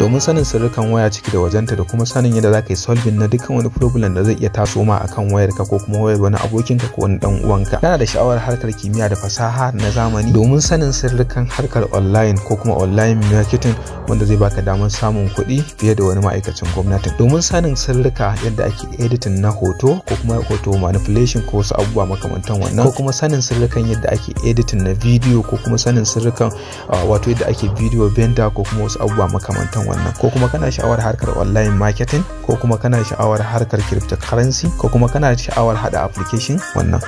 domin sanin sirrikan waya ciki da wajenta da kuma sanin yadda za ka yi solving na dukkan wani problem da zai iya taso ma kan wayarka ko kuma wayar wani abokinka ko wani dan uwanka kana da sha'awar harkar kimiyya da fasaha na zamani domin sanin sirrikan harkar online ko kuma online marketing wanda zai baka damar samun kuɗi fiye da wani ma'aikacin gwamnati domin sanin sirrika yadda ake editing na hoto ko kuma hoto manipulation ko wasu abubuwa makamantan wannan ko kuma sanin sirrikan yadda ake editing na video ko kuma sanin sirrikan ah, wato yadda ake video vendor ko kuma wasu abubuwa makamantan wannan ko kuma kana sha'awar harkar online marketing ko kuma kana sha'awar harkar cryptocurrency ko kuma kana sha'awar hada application wannan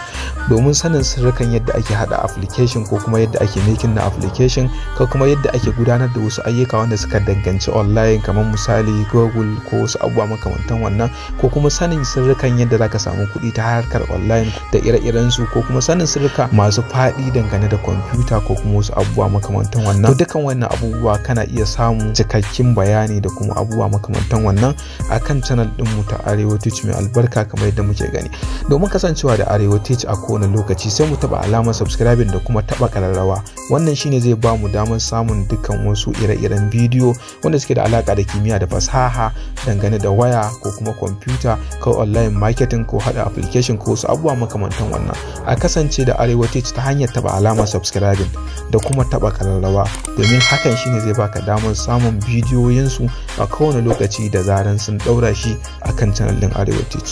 domin sanin sirrikan yadda ake hada application ko kuma yadda ake making na application ko kuma yadda ake gudanar da wasu ayyuka wanda suka danganci online kamar misali google ko wasu abubuwa makamantan wannan ko kuma sanin sirrikan yadda zaka samu kuɗi ta harkar online da ire-iren su ko kuma sanin sirrika masu faɗi dangane da computer, ko kuma wasu abubuwa makamantan wannan dukkan wannan abubuwa kana iya samun cikakken cikin bayani da kuma abubuwa makamantan wannan a kan din ɗinmu ta arewa teach mai albarka kamar yadda muke gani domin kasancewa da arewa teach a kowane lokaci sai mu taɓa alamar subscribing da kuma taɓa ƙararrawa wannan shine zai ba mu damar samun dukkan wasu ire-iren bidiyo wanda suke da alaka da kimiyya da fasaha dangane da waya ko kuma kwamfuta ko online marketing ko hada application ko wasu abubuwa makamantan wannan a kasance da Arewacin ta hanyar taba alama subscribing da kuma taba kararrawa domin hakan shine zai baka damar samun bidiyoyinsu a kowane lokaci da zaran sun daura shi akan channel din Arewacin.